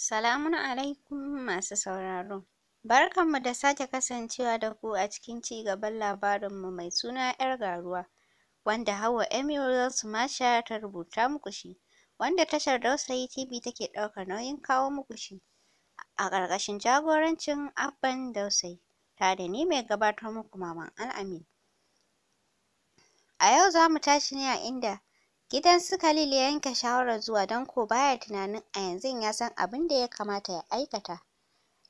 Salamun alaikum masu sauraro. Barkanmu da sake kasancewa da ku a cikin ci gaban labarinmu mai suna 'yar garuwa, wanda Hauwa Emerald masha ta rubuta muku shi, wanda tashar Dausayi TV take ɗaukar nauyin kawo muku shi, a ƙarƙashin jagorancin Abban Dausayi, tare da ni mai gabatar muku Maman Al'amin. A yau za mu tashi ne a inda Gidan su Khalil ya yanke shawarar zuwa don ko baya tunanin a yanzu ya san abin da ya kamata ya aikata.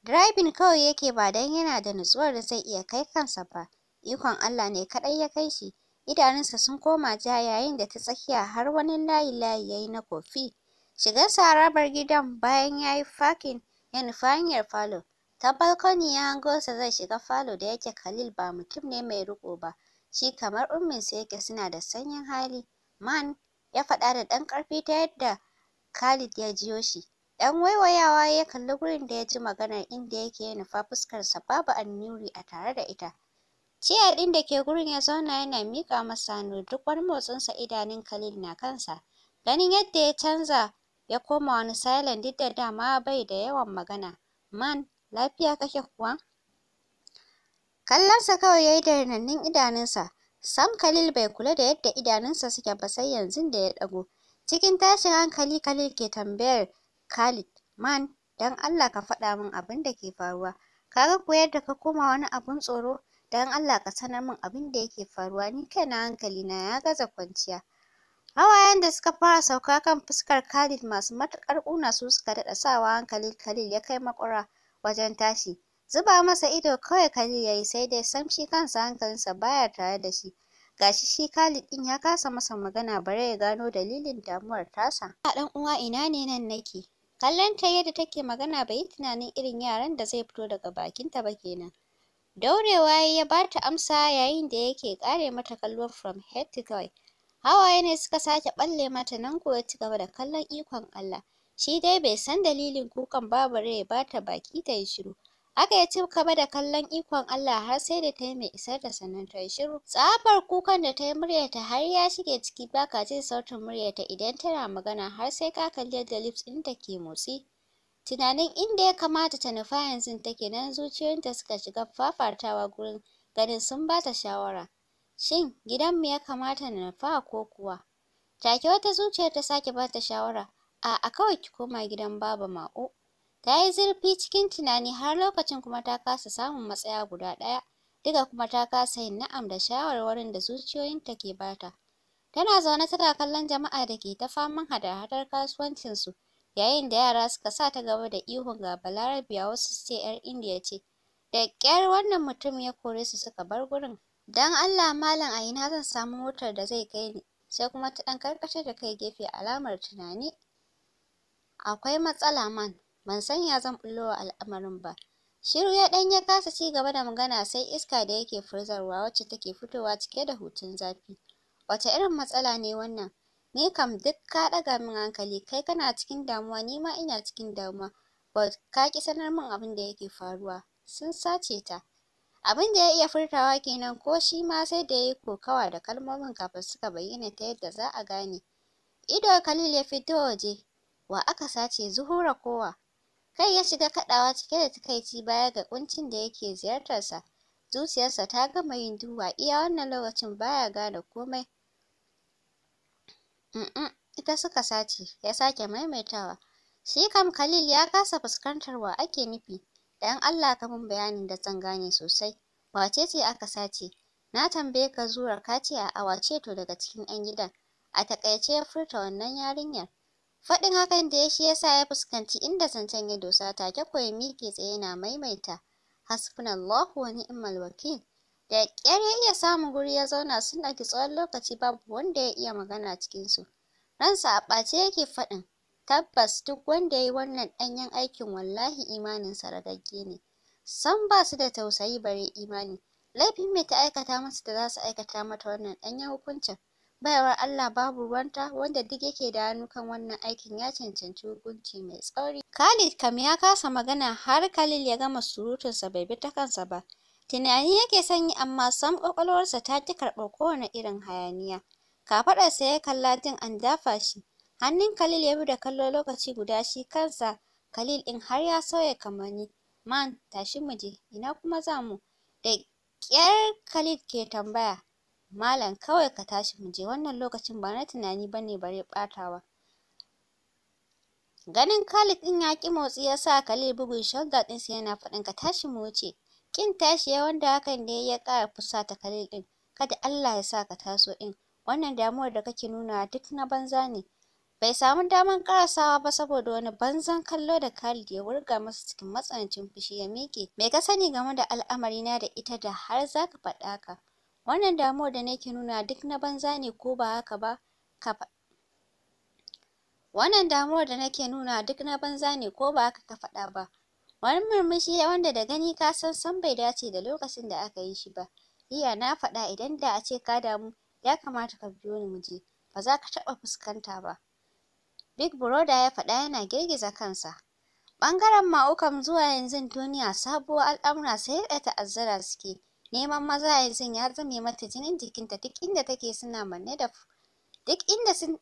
Driving kawai yake ba dan yana da nutsuwar da zai iya kai kansa ba. Ikon Allah ne kaɗai ya kai shi. Idanunsa sun koma ja yayin da ta tsakiya har wani layi-layi ya yi na kofi. Shigarsa harabar gidan bayan ya yi fakin ya nufi hanyar falo. Ta balkoni ya hango sa zai shiga falo da yake Khalil ba mutum ne mai riko ba. Shi kamar umminsa yake suna da sanyin hali. Man ya faɗa da ɗan ƙarfi ta yadda Khalid ya jiyo shi. Ɗan waiwayawa ya kalli gurin da ya ji magana inda yake ya nufa fuskarsa babu annuri a tare da ita. Ciya ɗin da ke gurin ya zauna yana miƙa masa hannu duk wani motsinsa idanun Khalid na kansa. Ganin yadda ya canza ya koma wani silent duk da dama bai da yawan magana. Man, lafiya kake kuwa? Kallonsa kawai ya yi da rinannun idanunsa. Sam Khalil bai kula da yadda idanunsa suke ba sai yanzu da ya ɗago. Cikin tashin hankali Khalil ke tambayar Khalid, "Man, dan Allah ka faɗa min abin da ke faruwa. Ka ga ko yadda ka koma wani abun tsoro? dan Allah ka sanar min abin da yake faruwa. Ni kaina na ya gaza kwanciya." Hawayen da suka fara sauka kan fuskar Khalid masu matukar ƙuna su suka daɗa sawa hankalin Khalil ya kai makura wajen tashi. Zuba masa ido kawai Khalil ya yi sai dai sam shi kansa hankalinsa baya tare da shi. Gashi shi Khalid ɗin ya kasa masa magana bare ya gano dalilin damuwar tasa. Ina dan uwa ina ne nan nake? Kallon ta yadda take magana bai yi tunanin irin yaran da zai fito daga bakinta ba kenan. Daurewa ya bata amsa yayin da yake kare mata kallon from head to toe. Hawaye ne suka sake ɓalle mata nan ko ci gaba da kallon ikon Allah. Shi dai bai san dalilin kukan babu rai ya ba baki ta yi shiru. aka ya ci gaba da kallon ikon Allah har sai da ta yi mai isar da sannan ta yi shiru. Tsabar kukan da ta yi muryarta har ya shige ciki ba ka jin sautin muryarta idan tana magana har sai ka kalli yadda lips ta ke motsi. Tunanin inda ya kamata ta nufa yanzu take nan zuciyarta suka shiga fafatawa gurin ganin sun ba ta shawara. Shin gidanmu ya kamata na nufa ko kuwa? Take wata zuciyar ta sake ba ta shawara, a'a kawai ki koma gidan Baba Ma'o. Ta yi zurfi cikin tunani har lokacin kuma ta kasa samun matsaya guda ɗaya, duka kuma ta kasa yin na'am da shawarwarin da zuciyoyinta ke bata. Tana zaune tana kallon jama'a da ke ta faman hada-hadar kasuwancinsu, yayin da yara suka sa ta gaba da ihun ga Balarabiya wasu su ‘yar Indiya ce. Da ƙyar wannan mutum ya kore su suka bar gurin. Don Allah malam a ina zan samu motar da zai kai ni? Sai kuma ta ɗan karkatar da kai gefe alamar tunani. Akwai matsala man. ban san ya zan bullo al'amarin ba shiru ya ɗan ya kasa ci gaba da magana sai iska da yake furzarwa wacce take fitowa cike da hutun zafi wace irin matsala ne wannan ni kam duk ka ɗaga min hankali kai kana cikin damuwa ni ma ina cikin damuwa Ba ka ki sanar min abin da yake faruwa sun sace ta abin da ya iya furtawa kenan ko shi ma sai da yayi kokawa da kalmomin kafin suka bayyana ta yadda za a gane ido Khalil ya fito waje wa aka sace Zuhura kowa Kai ya shiga kaɗawa cike da takaici baya ga kuncin da yake ziyartarsa. Zuciyarsa ta gama yin duwa iya wannan lokacin baya gane komai. Mm ita suka sace, ya sake maimaitawa. Shi kam Khalil ya kasa fuskantar wa ake nufi. Dan Allah ka mun bayanin da zan gane sosai. Wace ce aka sace? Na tambaye ka zuwa ka a wace to daga cikin 'yan gidan. A takaice ya furta wannan yarinyar. Faɗin hakan da ya shi ya sa ya fuskanci inda zancen ya dosa take koyi tsaye na maimaita hasbunallahu wa ni'mal wakil. Da ƙyar ya iya samun guri ya zauna suna ɗauki tsawon lokaci babu wanda ya iya magana cikin su Ransa a ɓace yake faɗin tabbas duk wanda ya yi wannan ɗanyen aikin wallahi imaninsa ragagge ne. san ba su da tausayi bare imani. Laifin mai ta aikata masu da za su aikata mata wannan ɗanyen hukuncin? baiwar Allah babu ruwanta wanda duk yake da hannu kan wannan aikin ya cancanci hukunci mai tsauri Khalid kam ya kasa magana har Khalil ya gama surutunsa bai bi ta kansa ba tunani yake sanyi amma sam kwakwalwarsa ta ki karɓar kowane irin hayaniya kafaɗarsa ya kalla jin an dafa shi hannun Khalil ya bi da kallo lokaci guda shi kansa Khalil ɗin har ya sauya kamanni man tashi mu je ina kuma za mu da ƙyar Khalid ke tambaya Malam kawai ka tashi mu je wannan lokacin ba na tunani ba ne bare ɓatawa. Ganin Khalid ɗin ya ki motsi ya sa Khalil bugun din sai yana faɗin ka tashi mu wuce. Kin tashi ya wanda hakan ne ya ƙara fusata Khalil din Kada Allah ya sa ka taso ɗin. Wannan damuwar da kake nuna duk na banza ne. Bai samu daman karasawa ba saboda wani banzan kallo da Khalid ya wurga masa cikin matsanancin fushi ya miƙe. Me ka sani game da na da ita da har zaka ka ka? wannan damuwar da nake nuna duk na banza ne ko ba haka ba ka wannan damuwar da nake nuna duk na banza ne ko ba haka ka faɗa ba wani murmushi wanda da gani ka san san bai dace da lokacin da aka yi shi ba iya na faɗa idan da a ce ka damu ya kamata ka biyo ni mu je ba za ka taɓa fuskanta ba big brother ya faɗa yana girgiza kansa ɓangaren ma'ukam zuwa yanzu duniya sabuwar al'amura sai da ta'azzara suke neman maza ya yanzu ya zame mata jinin jikinta duk inda take suna manne da duk inda sun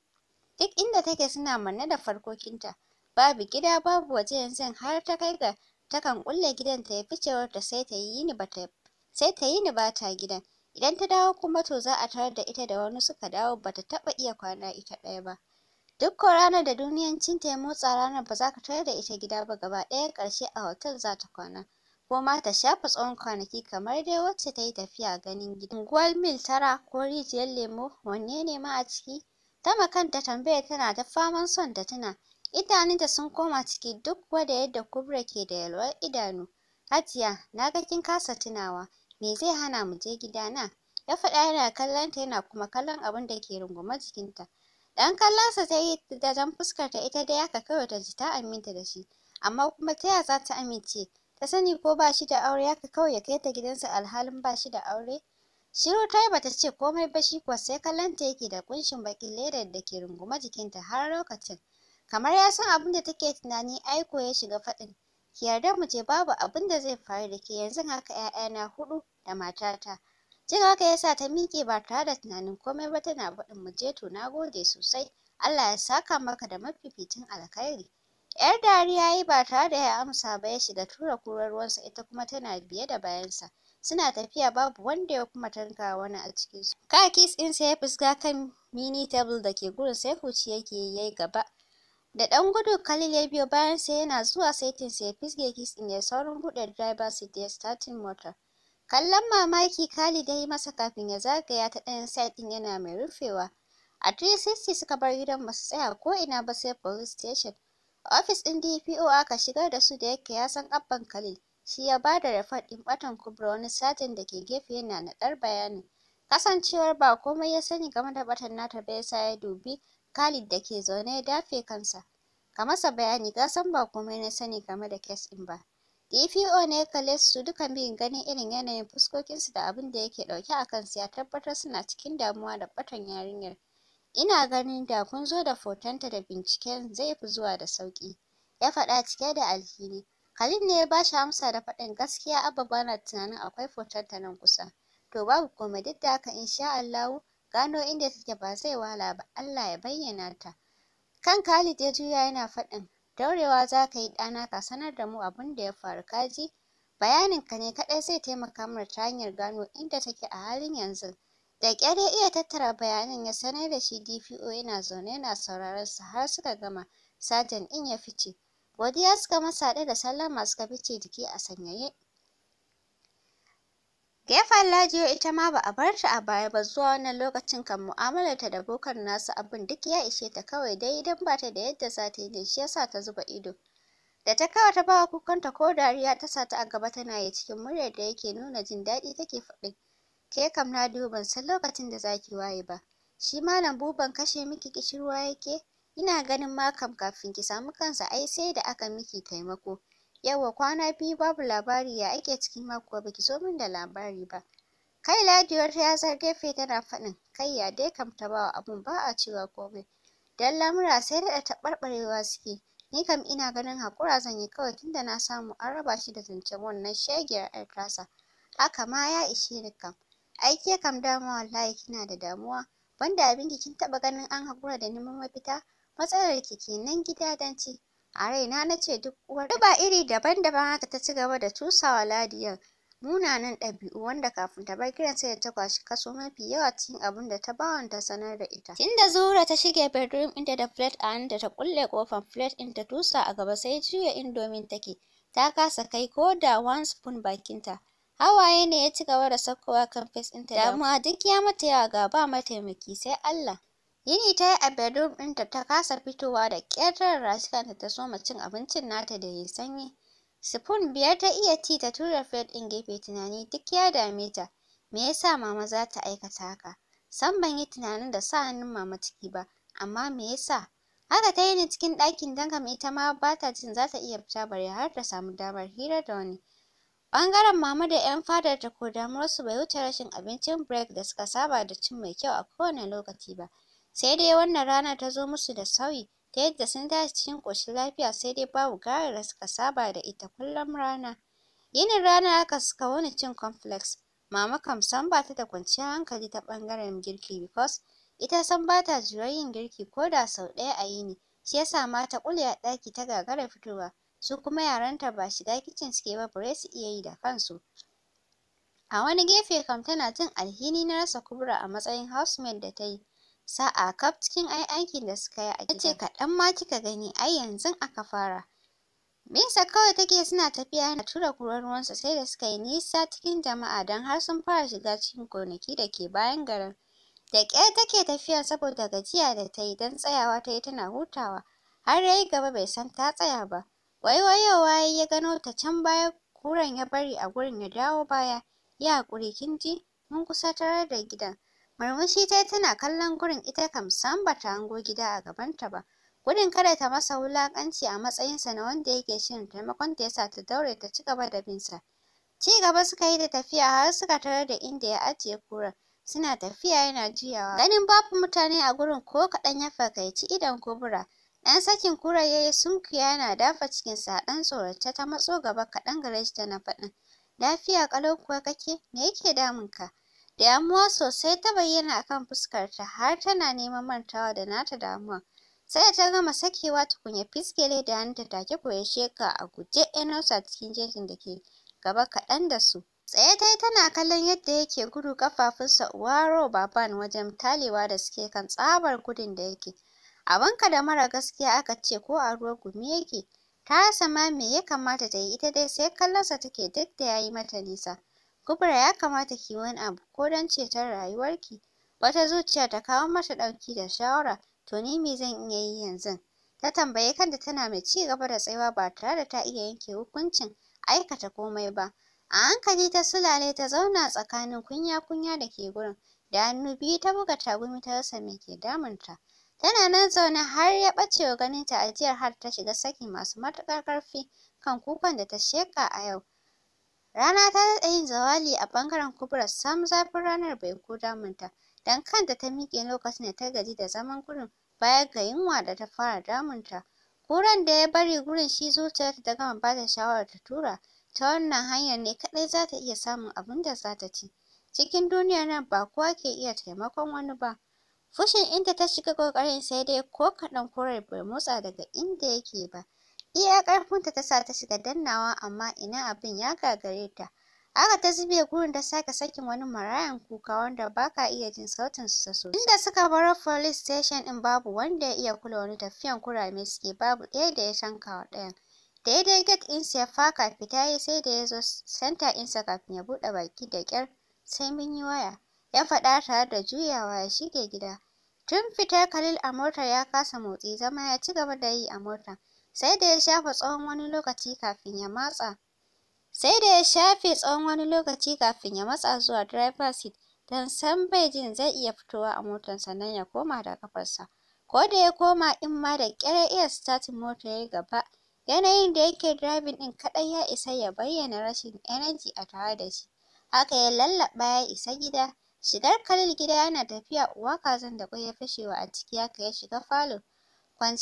duk inda take suna manne da farkokinta babu gida babu waje yanzu har ta kai ga takan kulle gidan ta ya ficewar ta sai ta yi ni bata sai ta yi ni bata gidan idan ta dawo kuma to za a tarar da ita da wani suka dawo bata taba iya kwana ita ɗaya ba duk ranar da duniyancin ta ya motsa ranar ba za ka tarar da ita gida ba gaba ɗaya karshe a hotel za ta kwana ko ma ta shafa tsawon kwanaki kamar dai wacce ta yi tafiya ganin gida. Unguwar mil tara ko rijiyar lemo wanne ne ma a ciki? Ta makanta tambayar tana da faman son ta tuna. Idanunta sun koma ciki duk wada yadda Kubra ke da yalwar idanu. Hajiya, na ga kin kasa tunawa. Me zai hana mu je na Ya faɗa yana kallon ta yana kuma kallon abin da ke rungume jikinta. Dan kallonsa ta yi da dan fuskarta ita dai haka kawai ta ji ta aminta da shi. Amma kuma ta ya za ta amince? ta sani ko ba shi da aure haka kawai ya kai ta gidansa alhalin ba shi da aure shiru ta yi bata ce komai ba shi kuwa sai kallon ta yake da kunshin bakin leda da ke runguma jikinta har lokacin kamar ya san abin da take tunani aiko ya shiga faɗin ki yarda mu je babu abin da zai faru da ke yanzu haka ‘ya'yana hudu da matata jin haka ya sa ta miƙe ba tare da tunanin komai ba tana faɗin mu je to na gode sosai Allah ya saka maka da mafificin alkhairi Yar dariya yi ba tare da ya amsa ba ya shiga tura kurar ruwansa ita kuma tana biye da bayansa. Suna tafiya babu wanda ya kuma tanka wani a cikin Ka Kakis ɗin sai ya fuska kan mini table da ke gurin sai fuci yake yi gaba. Da ɗan gudu Khalil ya biyo bayan sai yana zuwa saitin sai ya fisge kis ɗin ya saurin buɗe driver seat ya starting motar. Kallon mamaki Khalid ya yi masa kafin ya zagaya ta ɗayan side ɗin yana mai rufewa. A 360 suka bar gidan ba su tsaya ko ina ba sai police station. Ofis ɗin DPO aka shigar da su da yake ya san Abban Khalil. Shi ya ba da rafat ɗin ɓatan Kubra wani satin da ke gefe yana naɗar bayani. Kasancewar ba komai ya sani game da ɓatan nata ba yasa ya dubi Khalid da ke zaune ya dafe kansa. Ka masa bayani ka san ba komai na sani game da kes ɗin ba. DPO ne ya su duka biyun ganin irin yanayin fuskokinsu da abin da yake ɗauke a kansu ya tabbatar suna cikin damuwa da ɓatan yarinyar. Ina ganin da kun zo da fotonta da binciken zai fi zuwa da sauƙi, ya faɗa cike da alhini. Khalid ne ya ba shi amsa da faɗin gaskiya Abba ba tunanin akwai fotonta nan kusa. To babu komai duk da haka insha Allahu gano inda take ba zai wahala ba Allah ya bayyana ta. Kan Khalid ya juya yana faɗin daurewa za ka yi ɗana ka sanar da mu abin da ya faru kaji Bayanin ka ne kaɗai zai taimaka mana ta hanyar gano inda take a halin yanzu. Da ƙyar ya iya tattara bayanan ya sanar da shi DPO yana zaune yana sauraron sa har suka gama. Sajan ɗin ya fice. Godiya suka masa haɗe da sallama suka fice jiki a sanyaye. Gefen Lajiyo ita ma ba a bar ta a baya ba zuwa wannan lokacin kan ta da bokan nasu abin duk ya ishe ta kawai dai idan ba ta da yadda za ta yi ne shi yasa ta zuba ido. Da ta kawo ta bawa kukanta ko dariya ta sa ta a gaba tana yi cikin muryar da yake nuna jin daɗi take faɗi. Ke kam na duba ban san lokacin da zaki waye ba. Shi malam buban kashe miki kishirwa yake? Ina ganin ma kam kafin ki samu kansa ai sai da aka miki taimako. yawa kwana biyu babu labari ya ake cikin makuwa ki zo min da labari ba. Kai ladiyar ya zargefe gefe tana faɗin kai ya dai kam ta bawa abun ba a cewa komai. Dan lamura sai da taɓarɓarewa suke. Ni kam ina ganin hakura zan yi kawai tunda na samu an raba shi da zancen wannan shegiyar ƴar tasa. Haka ma ya ishe ni kam. ai ke kam dama wallahi kina da damuwa banda ki kin taɓa ganin an hakura da neman mafita matsalar ki kenan gida dan ci, a raina na ce duk uwar ba iri daban-daban haka ta ci gaba da tusawa ladiyar munanan ɗabi'u wanda kafin ta bar gidan sai ta kwashi kaso mafi yawa cikin abin da ta bawan ta sanar da ita. Tunda Zura ta shige bedroom inda da flat a da ta kulle kofar flat ɗin ta tusa a gaba sai juya indomin take. Ta kasa kai ko da one spoon bakinta. Hawaye ne ya ci gaba da saukowa kan face ɗinta damuwa duk ya mata yawa ga ba mataimaki sai Allah. Yini ta yi a bedroom ɗinta ta kasa fitowa da ƙetare rasikanta ta soma cin abincin nata da ya sanyi. Spoon biyar ta iya ci ta tura plate ɗin gefe tunani duk ya dame ta. Me yasa mama za ta aikata haka? san ban yi tunanin da sa hannun mama ciki ba, amma me yasa? Haka ta yi ni cikin ɗakin dangane ta ita ma ba ta jin za ta iya fita bare har ta samu damar hira da wani. Ɓangaren mama da 'yan fadarta ko damuwarsu bai wuce rashin abincin break da suka saba da cin mai kyau a kowane lokaci ba, sai dai wannan rana ta zo musu da sauyi ta yadda sun tashi cikin ƙoshin lafiya sai dai babu gara da suka saba da ita kullum rana. Yinin rana haka suka wuni cin cornflakes, mama kam sam ba ta da kwanciyar hankali ta ɓangaren girki because ita sam ba ta yin girki ko da sau ɗaya a yini, shi ya sa ma ta ƙulle a ɗaki ta gagara fitowa. su kuma yaranta ba shiga kicin suke ba bare su iya yi da kansu a wani gefe kam tana jin alhini na rasa kubura a matsayin housemate da ta yi sa'a kaf cikin ai aikin da suka yi a gida ce kaɗan ma kika gani ai yanzu aka fara Binsa kawai take suna tafiya na tura kurar ruwansa sai da suka yi nisa cikin jama'a don har sun fara shiga cikin gonaki da ke bayan garin. Da ƙyar take tafiya saboda gajiya da ta yi don tsayawa ta yi tana hutawa, har ya yi gaba bai san ta tsaya ba. waiwayowa yayi ya gano ta can baya kuran ya bari a gurin ya dawo baya ya haƙuri kin ji mun kusa tarar da gidan murmushi ta tana kallon gurin ita kam sam bata hango gida a gabanta ba Gurin kada ta masa wulakanci a matsayinsa na wanda yake shirin taimakon ta yasa ta daure ta ci gaba da binsa. ci gaba suka yi da tafiya har suka tarar da inda ya ajiye kuran suna tafiya yana juyawa ganin babu mutane a gurin ko kaɗan ya fakaici idon kubura Ɗan sakin kuraye ya sunkuya yana dafa cikinsa a ɗan tsorata ta matso gaba kaɗan gare shi tana faɗin. Lafiya ƙalau kuwa kake? Me yake damunka? Damuwa sosai ta bayyana a kan fuskarta har tana neman mantawa da nata damuwa. Sai ta gama sakewa tukunya fiskele da hannunta take ko sheka a guje ya hausa cikin jejin da ke gaba kaɗan da su. Tsaye ta yi tana kallon yadda yake gudu kafafunsa uwaro baban wajen talewa da suke kan tsabar gudun da yake. abinka da mara gaskiya aka ce ko a ruwa gumi yake ta rasa ma me ya kamata ta yi ita dai sai kallonsa take duk da ya yi mata nisa kubra ya kamata ki wani abu ko don ceton rayuwarki wata zuciya ta kawo mata ɗauki da shawara to ni me zan iya yi yanzu ta tambayi kanta tana mai ci gaba da tsayuwa ba tare da ta iya yanke hukuncin aikata komai ba a hankali ta sulale ta zauna tsakanin kunya-kunya da ke gurin da hannu biyu ta buga tagumi ta rasa me ke damunta Tana nan zaune har ya ɓacewa ganinta ajiyar har ta shiga saki masu matuƙar ƙarfi kan kukan da ta sheƙa a yau. Rana ta daɗe yin zawali a ɓangaren Kubura sam zafin ranar bai ko damunta don kanta ta miƙe lokacin da ta gaji da zaman gurin baya ga yunwa da ta fara damun ta. Kuran da ya bari gurin shi zuciyarta ta gama ba ta shawarar ta tura ta wannan hanyar ne kaɗai za ta iya samun abin da za ta ci. Cikin duniyar nan ba kowa ke iya taimakon wani ba. Fushin inda ta shiga kokarin sai dai ko kaɗan korar bai motsa daga inda yake ba. Iya ƙarfinta ta sa ta shiga dannawa amma ina abin ya gagare ta. aka ta zube gurin ta sake sakin wani marayan kuka wanda ba ka iya jin sautin sa sosai. Inda suka baro police station ɗin babu wanda ya iya kula wani tafiyan kurame suke babu ɗaya da ya shanka wa ɗayan. Daidai gate sai ya faka fita ya sai da ya zo in ɗinsa kafin ya buɗe baki da kyar sai mun yi waya. Ya faɗa tare da juyawa ya shige gida. Tun fitar Khalil a motar ya kasa motsi zama ya ci gaba da yi a mota Sai da ya shafe tsawon wani lokaci kafin ya matsa. Sai da ya shafe tsawon wani lokaci kafin ya matsa zuwa driver seat don san bai jin zai iya fitowa a motar sannan ya koma da kafarsa. Ko da ya koma in ma da ƙyar iya startin motar ya gaba. Yanayin da yake driving ɗin kaɗai ya isa ya bayyana rashin energy a tare da shi. Haka ya lallaɓa ya isa gida. Shigar Khalil gida yana tafiya uwa kazan da kwai ya fashewa a ciki haka ya shiga falon.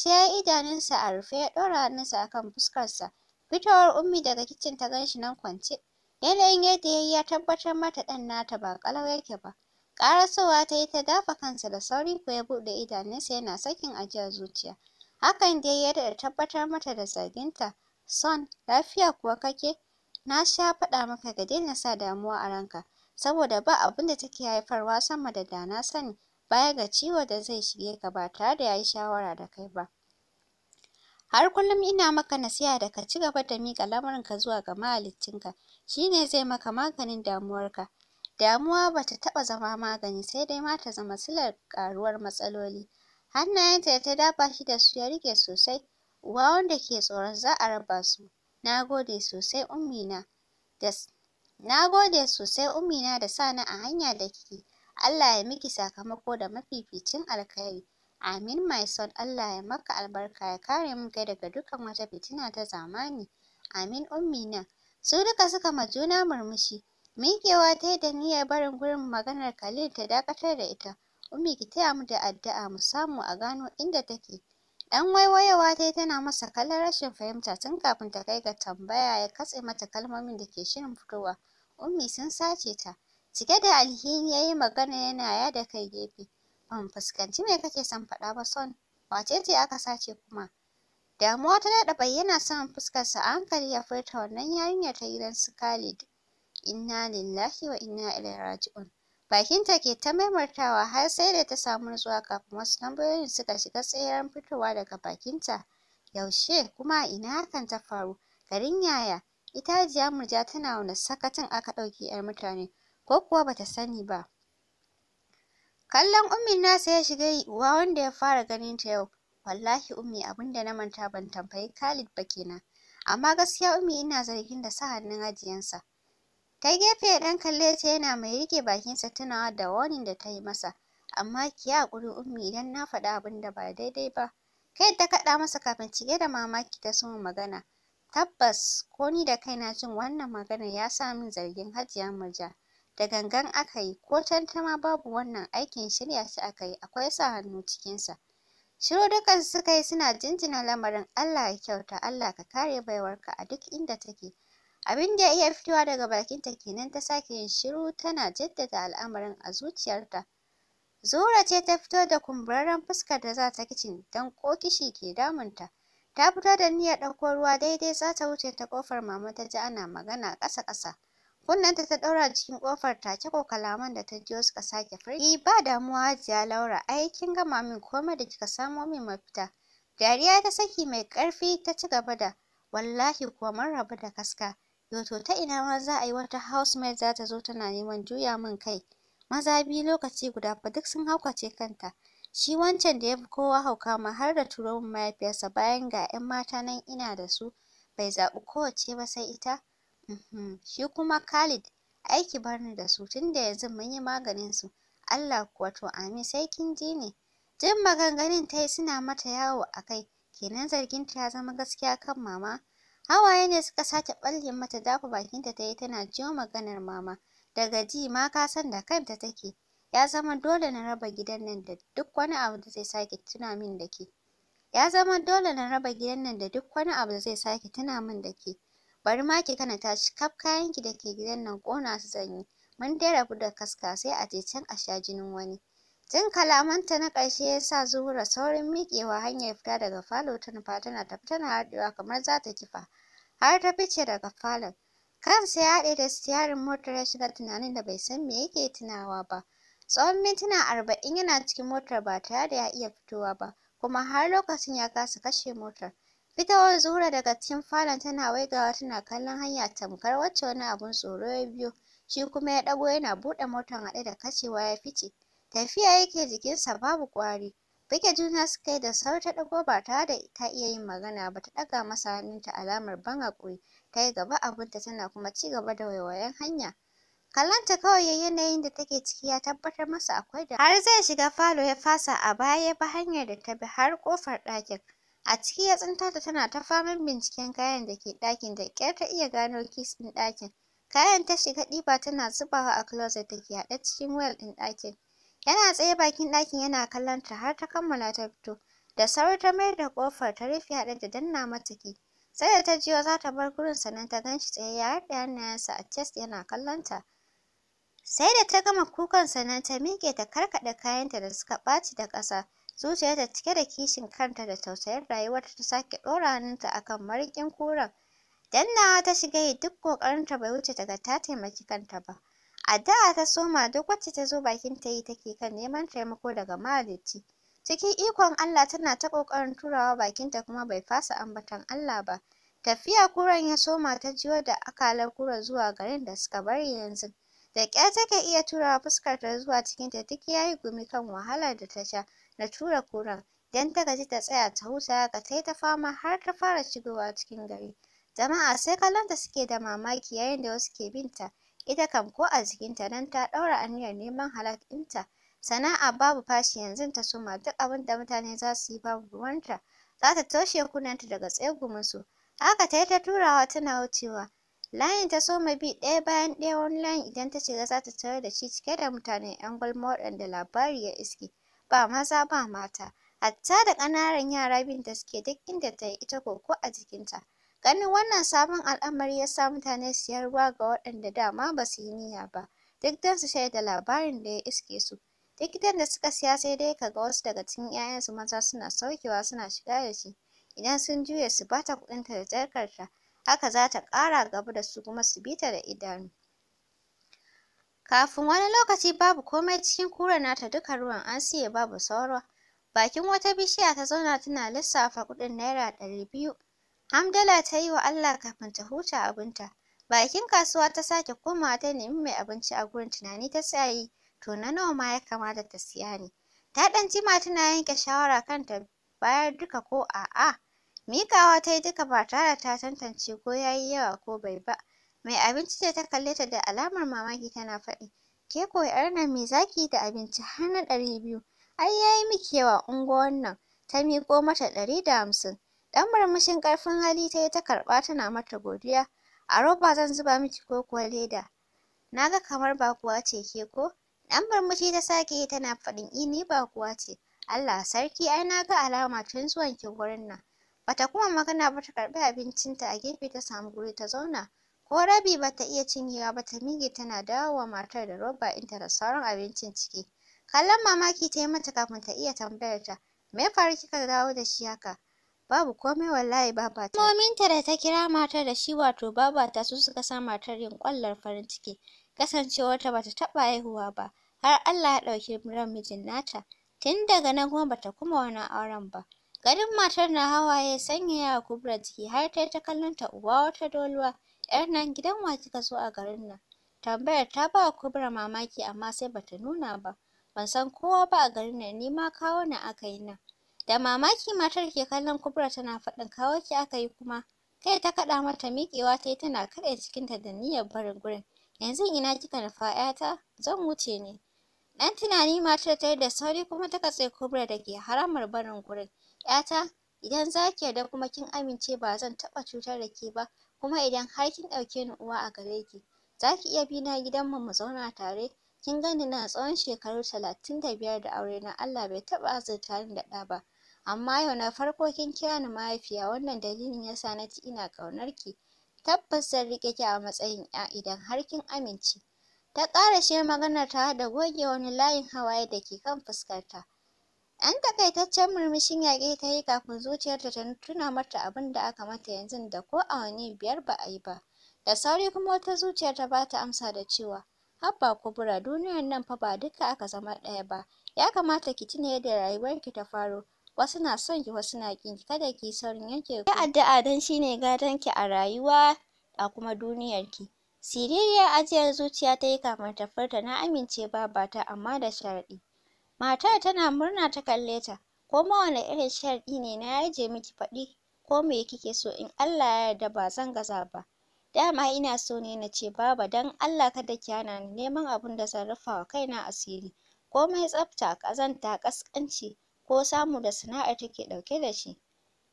yi idanunsa a rufe ya ɗora hannunsa kan fuskarsa. Fitowar Ummi daga kicin ta ganshi nan kwance. Yanayin yadda ya yi ya tabbatar mata ɗan nata ba ƙalau yake ba. Ƙarasowa ta yi ta dafa kansa da sauri ko ya buɗe idanunsa yana sakin ajiyar zuciya. Hakan da ya daɗa tabbatar mata da zarginta. Son, lafiya kuwa kake? Na sha faɗa maka ka daina sa damuwa a ranka. saboda ba abin da take haifarwa sama da dana sani baya ga ciwo da zai shige ka ba tare da yayi shawara da kai ba har kullum ina maka nasiha da ka ci gaba da miƙa lamarinka zuwa ga mahaliccinka shine zai maka maganin damuwarka damuwa bata taɓa zama magani sai dai ma ta zama silar ƙaruwar matsaloli hannayenta da ta dafa shi da su ya rike sosai uwa wanda ke tsoron za a raba su na gode sosai ummina na Na gode sosai Ummina da sani a hanya da ke. Allah ya miki sakamako da mafificin alkhairi. Amin my son Allah ya maka albarka ya kare mu kai daga dukkan wata fitina ta zamani. Amin Ummina. Su duka suka ma juna murmushi. mikewa ta da niyyar barin gurin maganar Khalil ta dakatar da ita. Ummi ki taya mu da addu'a mu samu a gano inda take. Dan waiwayowa ta tana masa kallon rashin fahimta tun kafin ta kai ga tambaya ya katse mata kalmomin da ke shirin fitowa. Ummi sun sace ta. Cike da alhini yayi magana yana ya da kai gefe. Ban fuskanci me kake son faɗa ba son. Wace ce aka sace kuma? Damuwa ta daɗa bayyana saman fuskarsa a hankali ya furta wannan yarinyar ta gidan su Khalid. Inna lillahi wa inna ilaihi raji'un. bakinta ke ta maimaitawa har sai da ta samu nutsuwa kafin wasu tambayoyin suka shiga tseren fitowa daga bakinta yaushe kuma ina hakan ta faru garin yaya ita hajiya murja tana wani sakatin aka ɗauki 'yar mutane ko kuwa bata sani ba kallon ummi nasa ya shiga wa wanda ya fara ganin ta yau wallahi ummi abinda na manta ban tambayi Khalid ba kenan amma gaskiya ummi ina zargin da sa hannun hajiyansa Kai gefe ya ɗan kalle ta yana mai rike bakinsa tunawa da warning da ta yi masa. Amma ki hakuri haƙuri ummi idan na faɗa abin da ba daidai ba. Kai ta kaɗa masa kafin cike da mamaki ta soma magana. Tabbas ko ni da kaina jin wannan magana ya sa min zargin Hajiya Murja. Da gangan aka yi ko tantama babu wannan aikin shirya shi aka yi akwai sa hannu cikinsa. Shiru dukansu suka yi suna jinjina lamarin Allah ya kyauta Allah ka kare baiwarka a duk inda take. Abin da ya iya fitowa daga bakinta kenan ta sake yin shiru tana jaddada al'amarin a zuciyarta. Zura ce ta fito da kumburarren fuskar da za ta kicin don ko kishi ke damun Ta Ta fito da niyyar ɗauko ruwa daidai za ta wuce ta ƙofar mama ta ji ana magana ƙasa-ƙasa. Kunnenta ta ɗaura jikin ƙofar take ko kalaman da ta jiyo suka sake firgi. Ba damuwa Hajiya Laura, ai kin gama min komai da kika samo min mafita. Dariya ta saki mai ƙarfi ta ci gaba da wallahi kuwa mun rabu da kaska. Yo ta ina ma za a yi wata housemaid za ta zo tana neman juya min kai. Maza biyu lokaci guda fa duk sun haukace kanta. Shi wancan da ya fi kowa hauka ma har da turo min mahaifiyarsa bayan ga 'yan mata nan ina da su. Bai zaɓi kowacce ba sai ita. Mm-hmm. Shi kuma Khalid aiki ni da su tunda yanzu mun yi maganin su. Allah kuwa to amin sai kin ji ne. Jin maganganun ta yi suna mata yawo a kai. Kenan zarginta ya zama gaskiya kan mama. Hawaye ne suka sake balle mata dafa bakinta ta yi tana jiyo maganar mama. Daga ji ma ka san da kanta take. Ya zama dole na raba gidan nan da duk wani abu da zai sake tuna min da ke. Ya zama dole na raba gidan nan da duk wani abu da zai sake tuna min da ke. Bari ma ki kana tashi kaf kayanki da ke gidan nan kona su sanyi? Mun dai rabu da kaska sai a je can a sha jinin wani. Jin kalamanta na ƙarshe ya sa Zuhura saurin miƙewa hanyar fita daga falo ta nufa tana tafi tana haɗewa kamar za ta kifa. Har ta fice daga falon. Kansa ya haɗe da siyarin motar ya shiga tunanin da bai san me yake tunawa ba. Tsawon mintuna arba'in yana cikin motar ba tare da ya iya fitowa ba, kuma har lokacin ya kasa kashe motar. Fitowar Zuhura daga cikin falon tana waigawa tana kallon hanya tamkar wacce wani abun tsoro ya biyo, shi kuma ya ɗago yana buɗe motar haɗe da kashewa ya fice. tafiya yake jikinsa babu ƙwari buge juna suka yi da sauta ta ɗago ba tare da ta iya yin magana ba ta ɗaga masa hannunta alamar ban haƙuri ta yi gaba abinta tana kuma ci gaba da wayoyin hanya kallonta kawai yanayin da take ciki ya tabbatar masa akwai da har zai shiga falo ya fasa a baya ba hanyar da ta bi har ƙofar ɗakin a ciki ya tsinta ta tana ta faman binciken kayan da ke ɗakin da ƙyar ta iya gano kis ɗin ɗakin kayan ta shiga ɗiba tana zubawa a closet da ke haɗe cikin wayar ɗin ɗakin Yana tsaye bakin ɗakin yana kallon ta har ta kammala ta fito. Da sauri ta mayar da kofar ta rufe haɗin ta danna mata ki. Sai da ta jiyo za ta bar gurin sannan ta gan shi tsaye ya haɗe hannayensa a chest yana kallon ta. Sai da ta gama kukan sannan ta miƙe ta karkaɗe kayanta da suka ɓaci da ƙasa. ta cike da kishin kanta da tausayin rayuwarta ta sake ɗora hannunta kan mariƙin kuran. Dannawa ta shiga yi duk ƙoƙarinta bai wuce daga ta taimaki kanta ba. A Addu'a ta soma duk wacce ta zo bakin ta yi take kan neman taimako daga mahalicci. Cikin ikon Allah tana ta ƙoƙarin turawa bakinta kuma bai fasa ambatan Allah ba. Tafiya kuran ya soma ta jiwa da akalar kuran zuwa garin da suka bari yanzu. Da ƙyar take iya turawa fuskar ta zuwa cikinta duk yayi gumi kan wahalar da ta sha na tura kuran. dan ta gaji ta tsaya ta huta ka ta ta fama har ta fara shigowa cikin gari. Jama'a sai kallonta suke da mamaki yayin da wasu ke binta. ita kam ko a jikinta don ta ɗaura aniyar neman halak ɗinta sana'a babu fashi yanzu ta soma duk abin da mutane za su yi babu ruwanta za ta toshe kunanta daga tsegu musu haka ta yi ta turawa tana wucewa layin ta soma bi ɗaya bayan ɗaya wani layin idan ta shiga za ta tarar da shi cike da mutane yan gwalma waɗanda labari ya iske ba maza ba mata hatta da ƙananan yara biyun da suke duk inda ta yi ita ko ko a jikinta Ganin wannan sabon al'amari ya sa mutane yi ruwa ga waɗanda dama ba su yi niyya ba, duk don su shaida labarin da ya iske su. Likitan da suka siya sai dai ka ga wasu daga cikin 'ya'yansu maza suna saukewa suna shiga da shi, idan sun juya su ba ta kuɗinta da jarkarta, haka za ta ƙara gaba da su kuma su bi ta da idanu. Kafin wani lokaci babu komai cikin kurar nata duka ruwan an siye babu saura. Bakin wata bishiya ta zauna tana lissafa kuɗin naira ɗari biyu Hamdala ta yi wa Allah kafin ta huta abinta. Bakin kasuwa ta sake komawa ta nemi mai abinci a gurin tunani ta tsaye, yi, to na nawa ma ya kamata ta siya ne. Ta ɗan jima tana yanke shawara kan ta bayar duka ko a'a. Miƙawa ta yi duka ba tare ta tantance ko ya yi yawa ko bai ba. Mai abinci ce ta kalle ta da alamar mamaki tana faɗi. Ke ko ƴar nan me za ki yi da abinci har na ɗari biyu? Ai ya yi miki yawa ungo wannan. Ta miƙo mata ɗari da hamsin. Ɗan murmushin ƙarfin hali ta yi ta karɓa tana mata godiya. A roba zan zuba miki ko kuwa leda? Na ga kamar ba kuwa ce ke ko? Ɗan murmushi ta sake yi tana faɗin i ni ba kuwa ce. Allah sarki ai na ga alama tun zuwan ki gurin nan. Bata kuma magana ba ta karɓi ta a gefe ta samu guri ta zauna. Ko rabi bata iya cinyewa ba ta mige tana dawo wa matar da roba ɗinta da sauran abincin ciki. Kallon mamaki ta yi mata kafin ta iya tambayar ta me ya faru kika dawo da shi haka? babu komai wallahi baba ta mominta da ta kira matar da shi wato baba ta su suka sa matar yin kwallar farin ciki kasancewarta bata taba haihuwa ba har Allah ya dauki ran mijin nata tun daga nan kuma bata kuma wani auren ba garin matar na hawaye sanyaya wa kubra jiki har tayi ta kallon ta uwa wata doluwa yar nan gidan wa kika zo a garin nan tambayar ta ba kubra mamaki amma sai bata nuna ba ban san kowa ba a garin nan ni ma kawo na aka yi nan Da mamaki matar ke kallon Kubra tana faɗin kawo ki aka yi kuma. Kai ta kaɗa mata miƙewa ta yi tana kaɗa cikinta da niyyar barin gurin. Yanzu ina kika nufa ƴata Zan wuce ne. Ɗan tunani matar ta yi da sauri kuma ta katse Kubra da ke haramar barin gurin. 'Yata, idan za ki yarda kuma kin amince ba zan taɓa cutar da ke ba, kuma idan har kin ɗauke ni uwa a gare ki, za ki iya bina na gidanmu mu zauna tare. Kin gani na tsawon shekaru talatin da biyar da aure na Allah bai taɓa azurta ni da ɗa ba. amma yau na farko kin kira ni mahaifiya wannan dalilin yasa na ji ina ƙaunar ki tabbas zan riƙe ki a matsayin ƴa idan har kin amince ta ƙara shi maganar ta da goge wani layin hawaye da ke kan fuskarta ɗan takaitaccen murmushin yaƙi ta yi kafin zuciyarta ta tuna mata abin da aka mata yanzu da ko awanni biyar ba a yi ba da sauri kuma wata zuciyar ta ba ta amsa da cewa habba kubura duniyar nan fa ba duka aka zama ɗaya ba ya kamata ki tuna yadda rayuwarki ta faro wasu na son ki wasu na ƙin ki kada ki yi saurin yanke ku yi addu'a don shine ne gadon ki a rayuwa a kuma duniyar ki siririyar ajiyar zuciya ta yi kamar ta furta na amince babata amma da sharaɗi matar tana murna ta kalle ta ko ma wane irin sharaɗi ne na yaje miki faɗi ko me kike so in Allah ya yarda ba zan gaza ba dama ina so ne na ce baba don Allah kada ki hana ni neman abin da zan rufa wa kaina asiri komai tsafta ƙazanta ƙasƙanci ko samu da sana'ar take ɗauke da shi.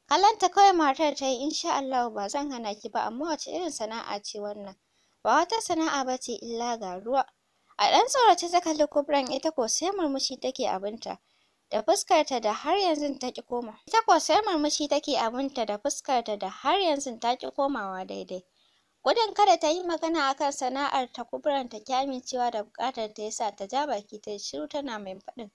Kallonta kawai matar ta yi insha Allahu ba zan hana ki ba amma wace irin sana'a ce wannan? Ba wata sana'a ba ce illa ga ruwa. A ɗan tsorace ta kalli kubran ita ko sai murmushi take abinta da fuskarta da har yanzu ta ƙi koma. Ita ko sai murmushi take abinta da fuskarta da har yanzu ta ƙi komawa daidai. Gudun kada ta yi magana akan sana'ar ta kubran ta ƙi da buƙatar ta yasa ta ja baki ta yi shiru tana mai faɗin.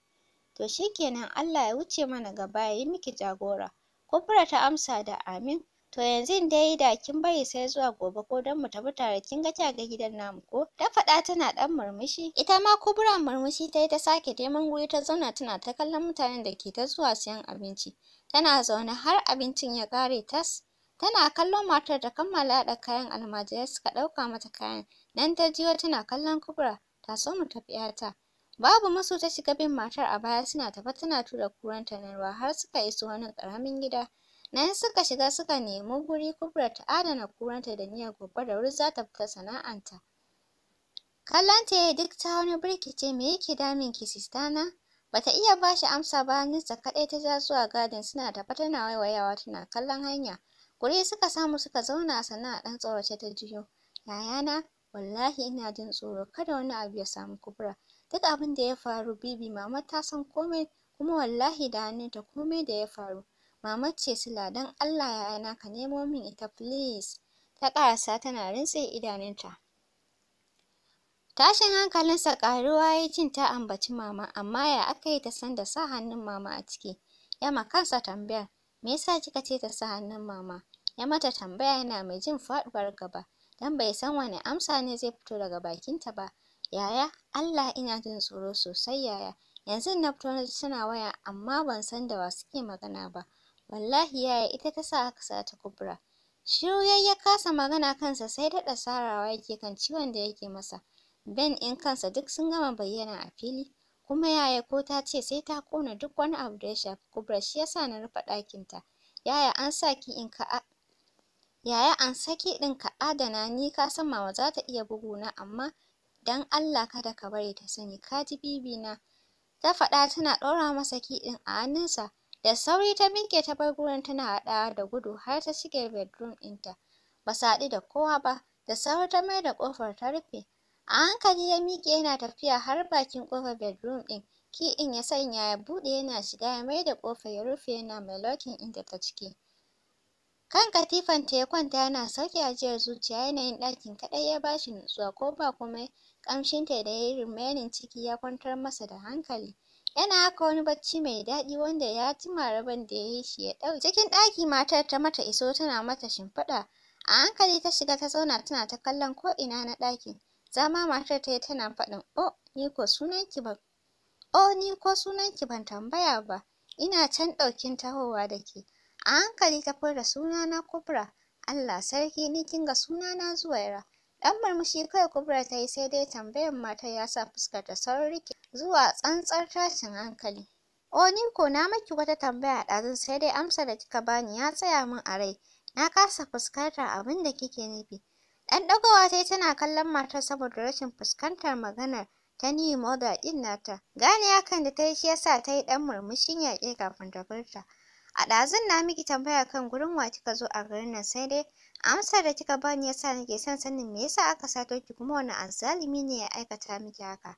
to shikenan Allah ya wuce mana gaba ya yi miki jagora Kubura ta amsa da amin to yanzu dai da kin bari sai zuwa gobe ko don mu tafi tare kin ga ga gidan namu ko ta faɗa tana ɗan murmushi ita ma Kubura murmushi tayi ta sake neman guri ta zauna tana ta kallon mutanen da ke ta zuwa siyan abinci tana zaune har abincin ya ƙare tas tana kallon matar da kammala haɗa kayan almajirai suka ɗauka mata kayan nan ta jiyo tana kallon Kubura ta so mu tafi 'yata Babu musu ta shiga bin matar a baya suna tafe tana tura kuranta na ruwa har suka iso wani ƙaramin gida. Nan suka shiga suka nemi guri kubura ta adana kuranta da niyyar gobe da wuri za ta fita sana'anta. Kallon ta yayi duk ta wani birkice me yake damin ki sistana? Bata iya bashi amsa ba nisa kaɗai ta ja zuwa gadin suna tafe tana waiwayawa tana kallon hanya. Guri suka samu suka zauna sannan a ɗan tsorace ta jiyo. Yaya na, wallahi ina jin tsoro kada wani abu ya samu kubura. duk abin da ya faru bibi mama ta san komai kuma wallahi da hannunta komai da ya faru mama ce sila don Allah yayana ka nemo min ita please ta ƙarasa tana rintse idanunta tashin hankalinsa ƙaruwa ya jin ta ambaci mama amma ya aka yi ta san da sa hannun mama a ciki ya ma kansa tambayar me yasa kika ce ta sa hannun mama ya mata tambaya yana mai jin faɗuwar gaba don bai san wani amsa ne zai fito daga bakinta ba Yaya, Allah ina jin tsoro sosai yaya. Yanzu na fito na suna waya amma ban san da wa suke magana ba. Wallahi yaya ita ta sa aka sata kubura. Shiru yayi ya kasa magana kansa sai daɗa sarawa yake kan ciwon da yake masa. Ben in kansa duk sun gama bayyana a fili. Kuma yaya ko ta ce sai ta kona duk wani abu da ya shafi kubura shi yasa na rufe ɗakinta. Yaya an sa in ka Yaya an saki ɗin ka adana ni ka san mama za ta iya na amma don Allah kada ka bari ta sani ka ji bibi na ta faɗa tana ɗora masa kiɗin a hannunsa da sauri ta miƙe ta bar gurin tana haɗawa da gudu har ta shige bedroom ɗinta ba su haɗu da kowa ba da sauri ta mai da ƙofar ta rufe a hankali ya miƙe yana tafiya har bakin ƙofar bedroom ɗin ki ya sanya ya buɗe yana shiga ya mai da ƙofar ya rufe yana mai lokin ɗinta ta ciki kan katifan ta ya kwanta yana sauke ajiyar zuciya yanayin ɗakin kaɗai ya bashi nutsuwa ko ba komai kamshinta da yayi rumenin ciki ya kwantar masa da hankali. Yana haka wani bacci mai daɗi wanda ya jima rabon da ya yi shi ya ɗauke. Cikin ɗaki matar ta mata iso tana mata shimfiɗa. A hankali ta shiga ta zauna tana ta kallon ko ina na ɗakin. Zama matar ta tana faɗin, "Oh, ni ko sunanki ban Oh, ni ko ki ban tambaya ba. Ina can ɗaukin tahowa da ke." A hankali ta furta, "Sunana Kubra." Allah sarki ni kin ga na Zuwaira. Ɗan murmushi kawai Kubra ta yi sai dai tambayan matar ya sa fuskar saurin rike zuwa tsantsar tashin hankali. O ni ko na miki wata tambaya ɗazun sai dai amsa da kika bani ya tsaya min a rai. Na kasa fuskantar abin da kike nufi. Ɗan ɗagawa sai tana kallon matar saboda rashin fuskantar maganar ta ni moda ɗin nata. Gane hakan da ta yi shi ya sa ta yi ɗan murmushin yaƙe kafin ta furta. A ɗazun na miki tambaya kan gurin wa kika zo a garin nan sai dai amsar da kika bani yasa nake son sanin me yasa aka sato ki kuma wani azzalumi ne ya aikata miki haka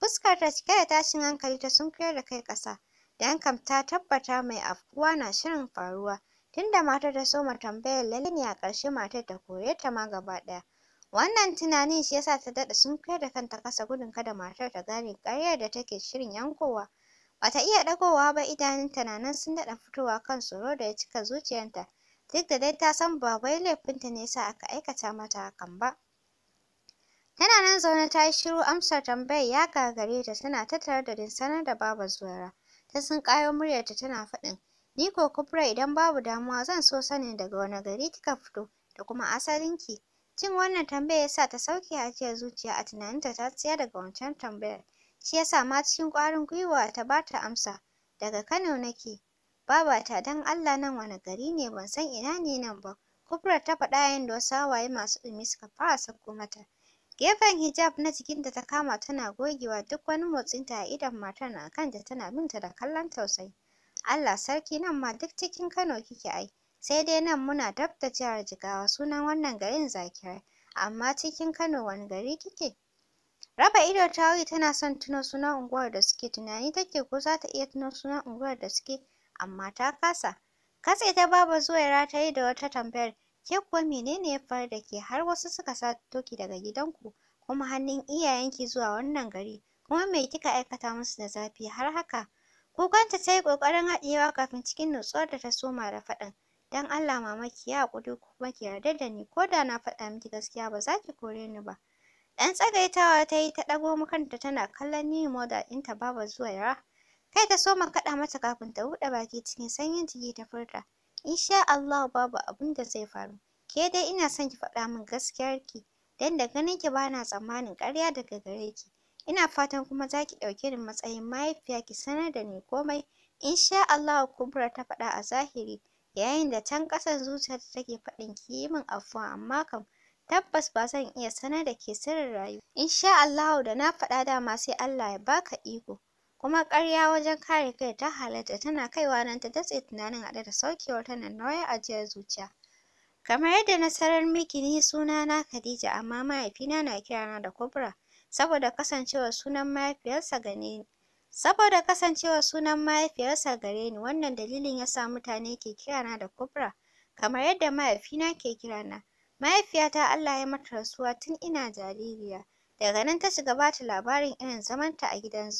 fuskar ta cike da tashin hankali ta sunkuyar da kai ƙasa dan kam ta tabbata mai afkuwa na shirin faruwa tunda matar ta soma tambayar lalle ne a ƙarshe matar ta kore ta ma gaba ɗaya wannan tunanin shi yasa ta daɗa sunkuyar da kanta ƙasa gudun kada matar ta gane ƙaryar da take shirin yankowa bata iya ɗagowa ba idanunta na nan sun daɗa fitowa kan tsoro da ya cika zuciyarta duk da dai ta san ba wai laifinta ne yasa aka aikata mata hakan ba. Tana nan zaune ta yi shiru amsar tambayar ya gagare ta tana tare da sanar da Baba zuwara Ta tsinkayo muryarta tana faɗin, Ni ko Kubra idan babu damuwa zan so sanin daga wani gari kika fito da kuma ki. Jin wannan tambayar yasa ta sauke ajiyar zuciya a tunaninta ta tsaya daga wancan tambayar. Shi yasa ma cikin ƙwarin gwiwa ta ba amsa, daga Kano nake. Babata dan Allah nan wani gari ne ban san ina ne nan ba. kufra ta faɗa yayin da wasu hawaye masu ɗumi suka fara sauko mata. Gefen hijab na da ta kama tana gogewa duk wani motsinta a idon matar na kanta tana binta da kallon tausayi. Allah sarki nan ma duk cikin Kano kike ai. Sai dai nan muna dab da jihar Jigawa sunan wannan garin Zakirai. Amma cikin Kano wani gari kike? Raba ido ta tana son tuno sunan unguwar da suke tunani take ko za ta iya tuno sunan unguwar da suke amma ta kasa. Katse ta Baba Zuwaira ta yi da wata tambayar, ke kuwa menene ya faru da ke har wasu suka sa toki daga gidanku kuma hannun iyayenki zuwa wannan gari, kuma me kika aikata musu da zafi har haka? Kukanta ta yi ƙoƙarin haɗiyewa kafin cikin nutsuwar da ta soma da faɗan Don Allah mama ki yi haƙuri kuma ki yarda da ni ko da na faɗa miki gaskiya ba za ki kore ni ba. Ɗan tsagaitawa ta yi ta ɗago kanta tana kallon new model ɗinta Baba Zuwaira Kai ta soma kaɗa mata kafin ta buɗe baki cikin sanyin jiki ta furta. Insha Allah babu abin da zai faru. Ke dai ina son ki faɗa min gaskiyarki. Dan da ganin ki bana tsammanin ƙarya daga gare ki. Ina fatan kuma za ki ɗauke ni matsayin mahaifiya ki sanar da ni komai. Insha Allah Kubra ta faɗa a zahiri. Yayin da can ƙasan zuciyar ta take faɗin ki yi min afuwa amma kam tabbas ba zan iya sanar da ke sirrin rayuwa. Insha Allah da na faɗa dama sai Allah ya baka iko. kuma ƙarya wajen kare kai ta halatta tana kaiwa nan ta datse tunanin haɗe da saukewar tana nauyin ajiyar zuciya kamar yadda na sanar miki ni sunana Khadija amma mahaifina na kirana da Kubra saboda kasancewar sunan mahaifiyarsa gare ni saboda kasancewar sunan mahaifiyarsa gare ni wannan dalilin yasa mutane ke kirana da Kubra kamar yadda mahaifina ke kirana mahaifiyata Allah ya mata rasuwa tun ina jaririya daga nan ta shiga bata labarin irin zamanta a gidan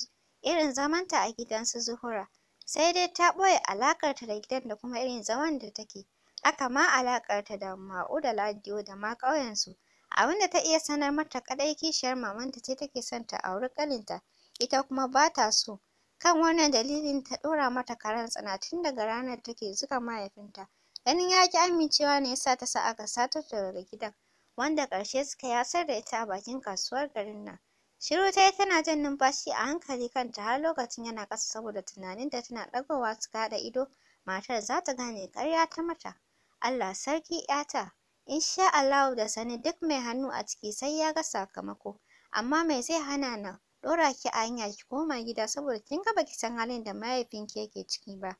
irin zamanta a gidan su Zuhura. Sai dai ta ɓoye alaƙarta da gidan da kuma irin zaman da take. Haka ma alaƙarta da Ma'u da Ladiyo da ma ƙauyensu. Abinda ta iya sanar mata kaɗai kishiyar mamanta ce take son ta auri ƙaninta, ita kuma ba ta so. Kan wannan dalilin ta ɗora mata karantsana tun daga ranar take zuga mahaifinta. Ganin ya ƙi amincewa ne ya ta sa aka satar ta daga gidan, wanda ƙarshe suka yasar da ita a bakin kasuwar garin nan. Shiru ta yi tana jan numfashi a hankali kanta har lokacin yana ƙasa saboda tunanin da tana ɗagowa suka haɗa ido matar za ta gane ƙarya ta mata. Allah sarki ‘yata, sha Allahu da sani duk mai hannu a ciki sai ya ga sakamako, amma mai zai hana na ɗora ki a hanya ki koma gida saboda kin ga ki san halin da mahaifin ki yake ciki ba.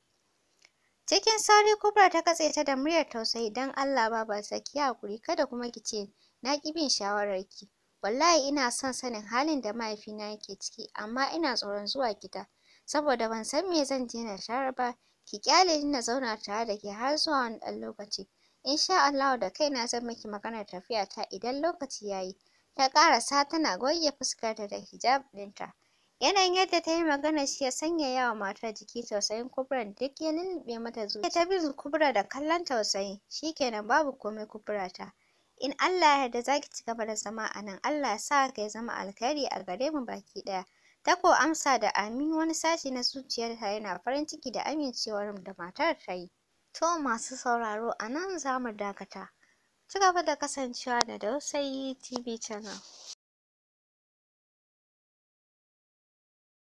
Cikin sauri Kubra ta katse ta da muryar tausayi don Allah baba saki haƙuri kada kuma ki ce na ƙi bin shawararki. Wallahi ina son sanin halin da mahaifina yake ciki, amma ina tsoron zuwa gida, saboda ban san me zan je na share ba. Ki ƙyale ni na zauna tare da ke har zuwa wani ɗan lokaci. Insha Allahu da kaina zan miki maganar tafiya ta idan lokaci ya yi. Ta ƙarasa tana goge fuskarta da hijab ɗinta. Yanayin yadda ta yi magana shi ya sanyaya wa matar jiki tausayin kubran duk ya lulluɓe mata zuciya. Ta bi kubra da kallon tausayi, shikenan babu komai kubra in Allah ya yarda zaki ki ci gaba da zama a nan Allah ya sa ka ya zama alkhairi a gare mu baki ɗaya ta ko amsa da amin wani sashi na zuciyarta yana farin ciki da amincewar da matar ta yi to masu sauraro a nan za mu dakata ci gaba da kasancewa da Dausayi TV Channel